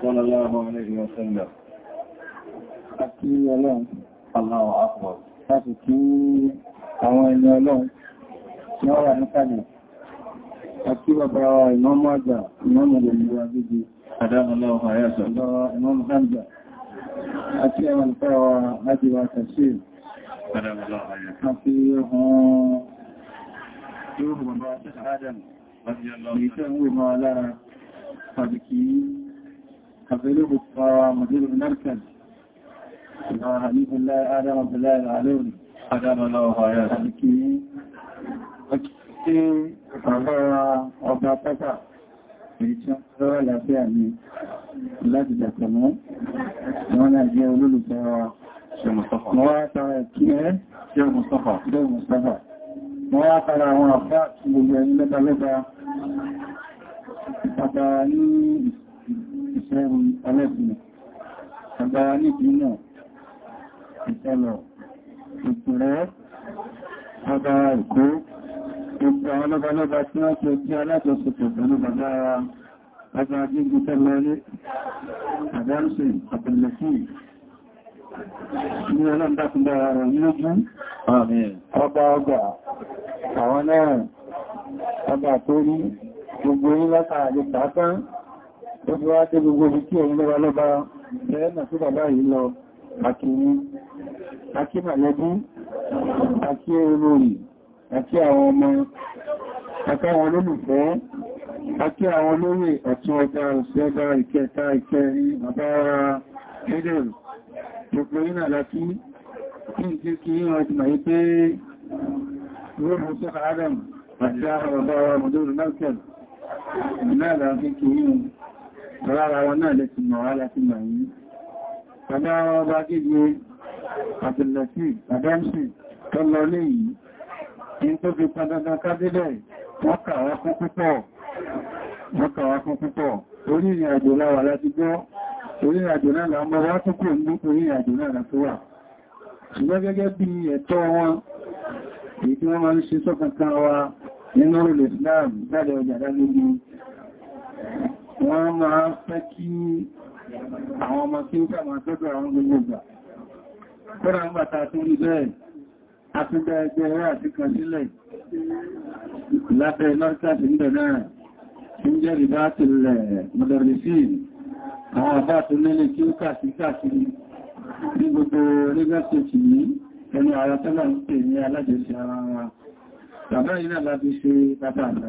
sallallahu alaihi wa sallam àti ọlọ́run Allahu akbar láti kí àwọn ẹni ọlọ́run tí wọ́n wà níkàlẹ̀ àti bàbá ìmọ́mù àgbà ìmọ́mù ìlú agbègbè adámọ́lọ́wọ́ àyàtọ̀ ìmọ́mù Hamza àti àwọn ìfẹ́wà láti wà tàṣíl adámọ́lọ́wọ́ àyàtọ̀ àti ọ̀hún yóò bàbá Adam تقريب مدير المركز حبيب الله آدم عبد الله العلوي حدام الله وعياته kí ọkí ọ̀rọ̀ ọba pẹ́ta èyí tí wọ́n rọ́ àlàáfíà ní láti dàtẹ̀ mọ́ wọ́n náà jẹ́ olólùfẹ́ wa mọ́ wá tàrà kí ẹ́ jẹ́ Mùsọ́fà jẹ́ Mùsọ́fà mọ́ wá tàrà àwọn àfá gbogbo ẹni lẹ́ta lẹ́ta ìṣẹ́rù ọlọ́gbìn agbára níbi náà ìṣẹ́lọ̀ ìpìnlẹ̀ agbára ìkó ìgbà ọlọ́gbàlọ́gbà tí wọ́n tó tí alátọ́sọ̀tọ̀ pẹ̀lú bàbára agbára jíjù tẹ́lẹ̀ àdáńsì àpẹ̀lẹ̀sì ní ọlọ́ndàkùnbára rẹ̀ nílógún ọba ọgbà àwọn náà ọba tó rí gbogbo yí látàrí pàápàá ó ti wá dé gbogbo ibi tí ẹ̀yìn lọ́wọ́ lọ́ba lẹ́ẹ̀nà tó bàbá yìí lọ àkìní àkí màlẹ́bí àkí olórí àkí àwọn ọmọ àtàwọn olólùfẹ́ àkí àwọn olóyè ọ̀tún ọba òṣẹ́ ọba ìkẹta ìkẹrí bàbá ara ẹ̀dẹ̀rù gbogbo iná láti kí n tí kí wọ́n ti máa àwọn bàbá wa mọ̀dọ́rù náà kẹ̀lú náà láti kí wọ́n Lára wọn náà lè ti mọ̀ wá láti mọ̀ yìí. Bàbá ọba gígbé Àbìlẹ̀sì, Àdámsì, tó lọ lé yìí, in tó fi padàdà kádílẹ̀, wọ́n kàwá fún púpọ̀. Wọ́n kàwá fún púpọ̀. Orí ìrìn àjò láwà láti gbọ́, orí ìrìn àjò náà lámọ́ wá tó kò ní orí ìrìn àjò náà láti wà. Ṣùgbọ́n gẹ́gẹ́ ń ṣe sọ́kànkan wa nínú orílẹ̀ Islam, dáadẹ́ ọjà dá lórí wọ́n máa fẹ́ kí àwọn ọmọ tí ó kà máa tọ́jú àwọn gbogbo ìgbà kọ́nà ń bàtà tó rí bẹ́ẹ̀ àti bẹ́ẹ̀gbẹ́ rẹ̀ àti kan sílẹ̀ lábẹ́ lọ́tàtì ń bẹ̀ náà tí ń jẹ́ rìbá tilẹ̀ mọ̀lẹ̀rìsí àwọn àbá tó lélẹ̀ kí ó kà sí káàkiri ní gbogbo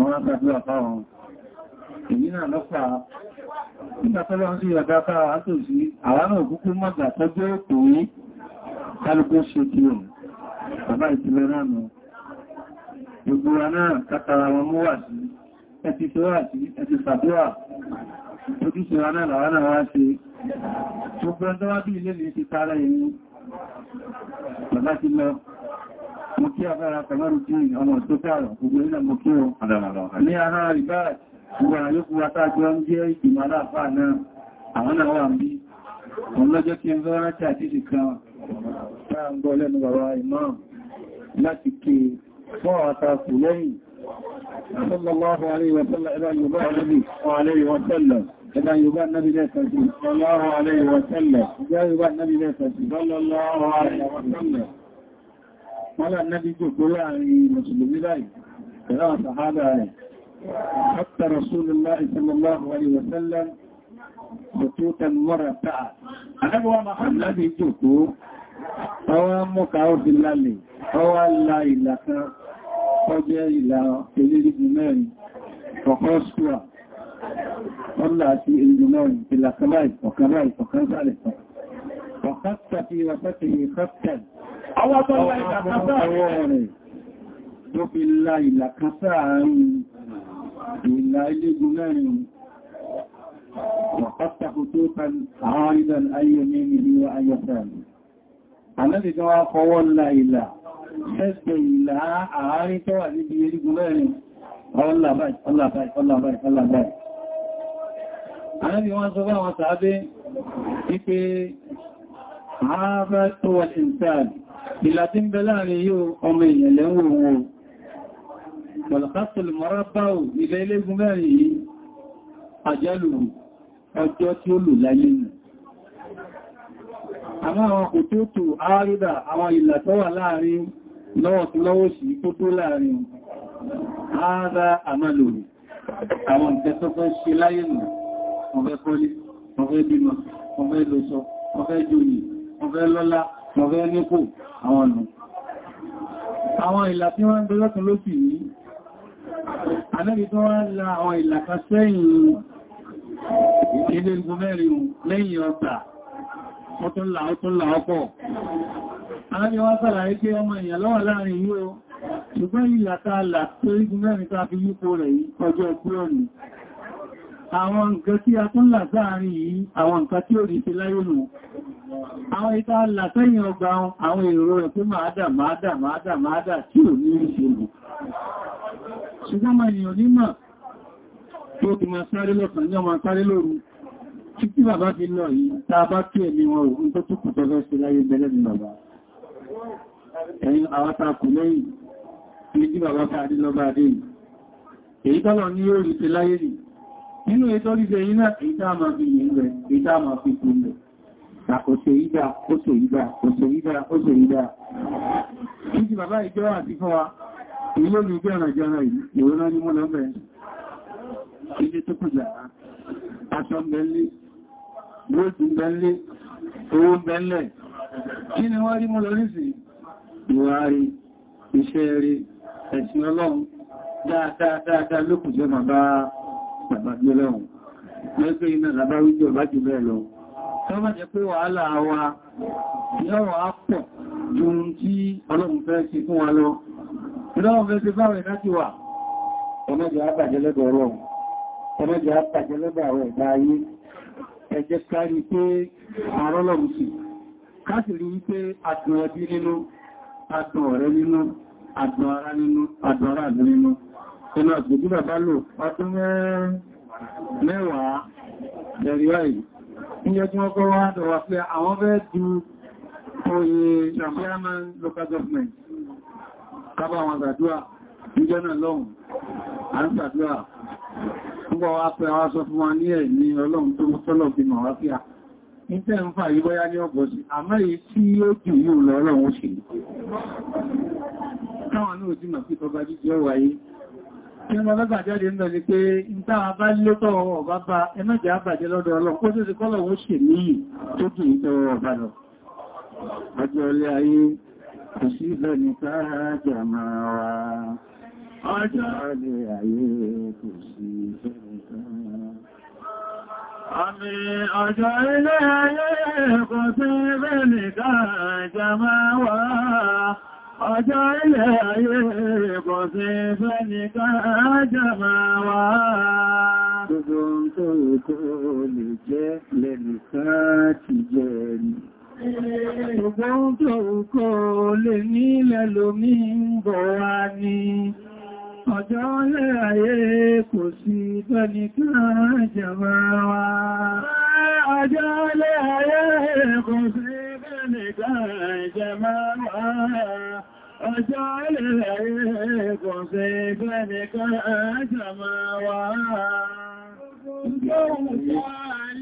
wọ́n á gbàdúrà fáwọn èyí náà lọ́pàá nígbàtọ́lọ́ sí ọ̀dáta àtòsí àwọn òkúkú mọ́gbà tọ́jọ́ ètò yí kálùkú ṣe kí o bàbá ìtìlẹ̀ náà nù gbogbo wa náà kátara wọn mú wà sí ẹti tó wà sí ẹti fàdúwà ojúṣe wa náà làwọn náà wá ṣe gbogbo ẹjọ́ wá bí ilé ní ti tara èyí bàbá ti lọ Mo kí abára tàbárù tí ọmọ ìsọ́kàrọ̀ gbogbo ilẹ̀ mo kí wọn. Ní ara ìbáà, gbogbo àyókù atájú ọ ń jẹ́ ìgbìmọ̀ aláàfáà náà, àwọn náà wà ń bí. Òun lọ́jọ́ kí ń fẹ́ rántí àdíjì kan, táà alaihi wa sallam, Yorùbá Nabi, alaihi wa sallam, sí, sallallahu alaihi wa sallam, ẹ̀dá Yorùbá Nabi lẹ́ẹ̀kan sí, sallallahu alaihi wa sallam wọ́n lá nábi jòkó láàrin mùsùlùmí láì pẹ̀lú àwọn sàhádà rẹ̀ hatta rasulullah sallallahu alaihi wasallam bututan marata anabuwa mahallabi jòkó ọwá mọ́ka ó fi lálẹ̀ ọwá la ìlà kan ọjẹ́ ìlà elérìgùn mẹ́rin ọkọ̀ skúwà ọlá àti elérìgùn mẹ́rin ìlà kan láì ọ̀kan láì ọ̀kan sálẹ̀ ọ̀kan tàbí wàtàkì ìkọ́tẹ̀lì Àwọn tó lá ìlàkásá àárín ìlà ilégun mẹ́rin wàkátà kò tó kan àwọn ìdàn ayé ní ìlú ayọ́sàn. Àlẹ́lẹ́ kan wá fọwọ́ ńlá ìlà, ṣẹ́sẹ̀ ìlà àárín tó wà níbi ilégun mẹ́rin, ọlàbáì, ọlàbáì, ọlàbáì, ọlàbáì ìlà tí ń bẹ láàrin yóò ọmọ èèyàn lẹ́wọ̀ wọn mọ̀lọ̀kátùl mọ́rábáwò ilẹ̀ ilégún mẹ́rin yìí àjálù ọjọ́ tí ó lò láyé nù àmọ́ àwọn òtótò àárídà àwọn ìlà tó wà láàrin lọ́wọ́ tí ọ̀fẹ́ kọ́lé mo fẹ́ nípò àwọn nù àwọn ìlà tí wọ́n ń gbé lọ́tún lókì yìí anẹ́bí tó wá la àwọn ìlà kan sẹ́yìn ilé igun mẹ́rin lẹ́yìn ọ̀tà ọtúnlà ọtúnlà ọpọ̀ anẹ́bí wá sàlàyé pé ọmọ èèyàn lọ́wọ́ láàrin yíò ṣùgbọ́n ìlà ta là tó igun mẹ́rin ta fi yípo rẹ̀ yí ọjọ́ ẹkúrọ̀nì àwọn nǹkan tí a tún là sáàrin yìí àwọn nǹkan tí ó rí ti láyé nù àwọn ìta látẹ́yìn ọgbà àwọn èrò rẹ̀ pé máa dà máa dà máa dà máa dà tí ò ní ìṣèlú ṣùgbọ́n ma èèyàn nímọ̀ tó ti máa sáré lọ́sàn ní ọmọ sáré lóru tí tí bàbá fi lọ yìí tá a bá tí ẹ̀mí wọn òun tó túkù tọ́fẹ́ sí láyé bẹ̀lẹ̀ ní bàbá ẹ̀yìn àwátakù lẹ́yìn ní tí bàbá fi adé lọ́bá adé yìí èyí tọ́lọ ní yóò rí ti láyé nì nínú ètò orí òṣèrídà òṣèrídà òṣèrídà òṣèrídà títí bàbá ìjọ àti fún wa ilé ní ìjọ ọ̀nà jọra ìrọ́nà lọ Tọ́bá jẹ́ pé wàhálà wa yọ́wọ́ á pọ̀ ju tí ọlọ́run fẹ́ sí fún wa lọ. Ìlọ́run fẹ́ sí fáwọn ìdájí wà, ọmọdé àbàjẹ́ lẹ́bọ̀ ọlọ́run, ọmọdé àbàjẹ́ lẹ́bọ̀ àwọn ẹ̀dá ayé, ẹ jẹ́ kárí pé àrọ́lọ́run sí, káàkiri wípé àdùn ẹbí nínú, àdùn ọ̀rẹ́ nínú, àdùn ara nínú, àdùn nínú. Ẹnu àgbègbè bàbá lò ọdún mẹ́wàá, ẹ̀rí báyìí. Níjọ́ tí wọ́n kọ́ wá dọ̀ wà pé àwọn bẹ́ẹ̀ du oyè Chairman Local Government, kábà wọn gbàdúrà, níjọ́ náà lọ́hùn, à ń gbàdúrà. Nígbà wá pé àwọn sọ fún wa ní ẹ̀ ní ọlọ́run tó tọ́lọ̀ bí mọ̀ wá fíà. Nítẹ́ ń fà yí bọ́yá ní ọgbọ̀ sí, àmọ́ èyí tí ó jù Nínú ọmọ bẹ́bà jáde ń ni pé ń táa lótọ́ ọ̀bá bá ẹmẹ́jẹ̀ àbàjẹ́ lọ́dọ̀ ọlọ́pọ̀ tó ti kọ́lọ̀ ó ṣe ní tó kì ọ̀bá lọ. Ọjọ́ ilẹ̀ ayé kò sí fẹ́ni káàjà máa wá. Gbogbo ń tó kó lè jẹ́ lẹ́nu káàkì jẹ́ ni. Gbogbo ń tó kó lè ní lẹ́lòmí ń bọ̀ wá ni. Ọjọ́ ilẹ̀ ayé kò sí fẹ́ni káàjà máa wá. Ọjọ́ ilẹ̀ ayé kò sí fẹ́ni káàjà máa wá. Ọjọ́ ilẹ̀ rẹ̀ kò sí bẹ́ẹ̀ kan àjàmà wá. Ọjọ́ òun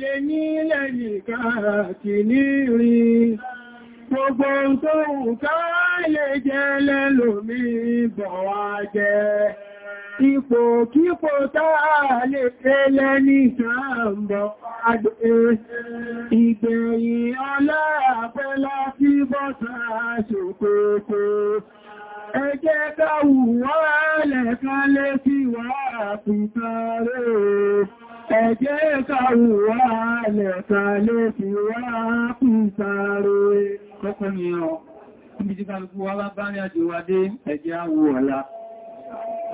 lè ní lẹ́yìn káàkiri rí. Gbogbo tó wù ká lè jẹ́ lẹ́lòmí bọ̀ wá jẹ́. Ipò kípò táà lè fẹ́ lẹ́ni sáà ń Ìgbẹ̀yìn ọlá àpẹlá sí bọ́ta ṣòkòkò. Ẹ jẹ́ ká wùwá lẹ̀kan lé sí wà àpìta rẹ̀. Ẹ jẹ́ ká wùwá lẹ̀kan lé sí wà àpìta rẹ̀. Kọ́kọ́ ni ọ, níbi tí kálùkù wá bá bá ní àjò wádé ẹjẹ́ àwọ̀ ọ̀la.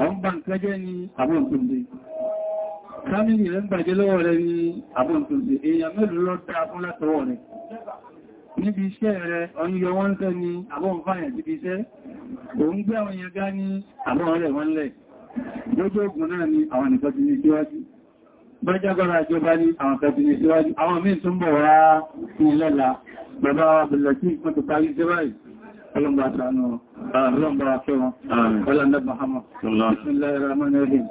Àwọn bá ń kẹjẹ́ ni àwọn òkúndé fámílì rẹ̀ ń bàjẹ́ lọ́wọ́ rẹ̀ ní àbọ̀ntòsí èèyàn mẹ́lú lọ ta fún látọwọ́ rẹ̀ níbi iṣẹ́ rẹ̀ ọ̀nyọ wọ́n ń tẹ́ ni àbọ̀nfàyàn síbi iṣẹ́ òun gbé àwọn èèyàn gá ní àbọ̀n rẹ̀ wọ́n lẹ̀ lójú ogun náà ni àwọn nìkan ti ní síwájú bọ́jágọ́ra ìjọba ní àwọn kan ti ní síwájú ọlọ́run bá ṣàánú wọn ọlọ́run bá fẹ́ wọn ọlọ́run bá Muhammad بسم الله الرحمن الرحيم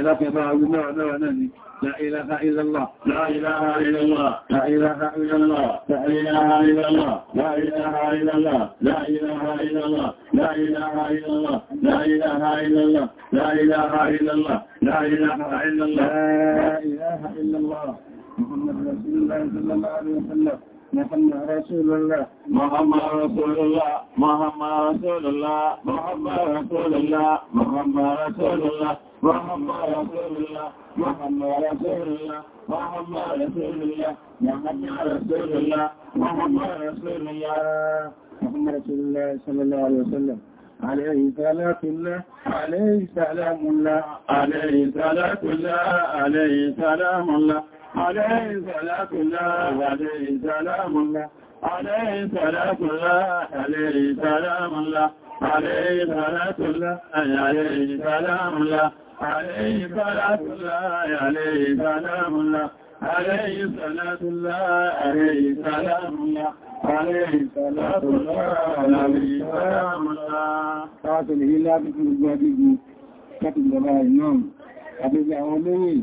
ẹlọ́pẹ̀ bá agbó mẹ́wàá mẹ́wàá náà لا إله إلا الله لا إله إلا الله لا إله إلا الله لا إله إلا الله لا إله إلا الله لا إله إلا الله لا إله إلا الله لا إله إلا الله لا إله إلا الله لا إله إلا الله لا إله إلا الله محمد رسول الله صلى الله عليه وسلم محمد رسول الله محمد رسول الله محمد رسول الله محمد رسول الله محمد رسول الله محمد رسول الله محمد رسول الله محمد رسول الله محمد رسول الله محمد رسول الله محمد رسول الله صلى الله عليه وسلم عليه صلاة الله عليه سلام الله عليه صلاة الله عليه سلام الله عليه صلاة الله عليه سلام الله عليه صلاة الله عليه سلام الله عليه صلاة الله عليه سلام الله عليه صلاة الله عليه سلام الله عليه صلاة الله عليه سلام الله عليه صلاة الله عليه سلام الله تعالى الهلال في الجديد كتب الله النوم أبي الله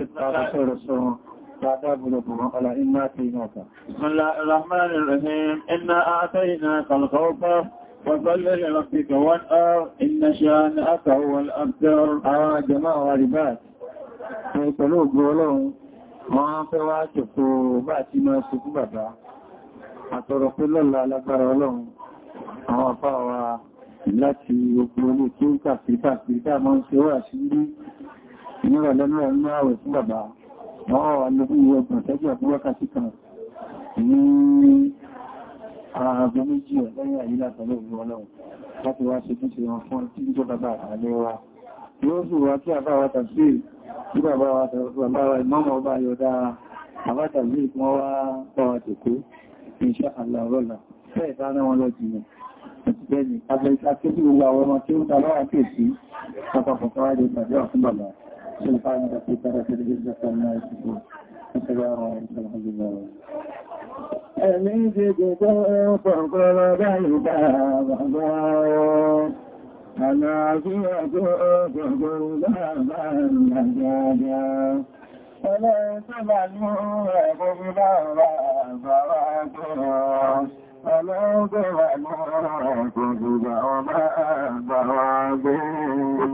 بسم الله الرحمن الرحيم إنا أعطيناك الخوفة وظل لربك والأرض إن شانئك هو الأبتر آه جماعة غريبات ìpẹ̀lú ògbòrọlọ́run wọ́n fẹ́ wá ṣòfò bá ti máa ṣokú bàbá àtọ̀rọ̀ pé lọ́la alágbára ọlọ́run àwọn àpá wa láti ogun olóòtú kàfíkàfíkà máa ń ṣe wà sí rí ìnira lẹ́nu ẹ̀rùn ààrẹ fún bàbá wọ́n wà ní fún ọgbọ̀n tẹ́jú àti wákàtí kan ní ààbò méjì ẹ̀ lẹ́yìn àyílá pẹ̀lú òun ọlọ́run láti wá ṣe tún ṣe wọn fún tí ń jọ bàbá àlẹ́ wa yóò sì wá kí àbá wa tàbí tí bàbá wa bàbá wa ìmọ́mọ̀ ọba yọ̀dá àbá tàbí kí wọ́n wá bá wa tèkó insha Allah rọ́là bẹ́ẹ̀ bá náà wọn lọ jìnà àti bẹ́ẹ̀ ni abẹ́ ìta kébí gbogbo àwọn ọmọ tí ó ń ta lọ́wọ́ kéèsì pápápọ̀ káwàá سلطان في طرف الجزة ما يشكون أمين جدته فقل بيتا وضاء حنافيته فقل بابا مجاجا فلا تبعلوا قبلا وفراته فلا تبعلوا قبلا وفراته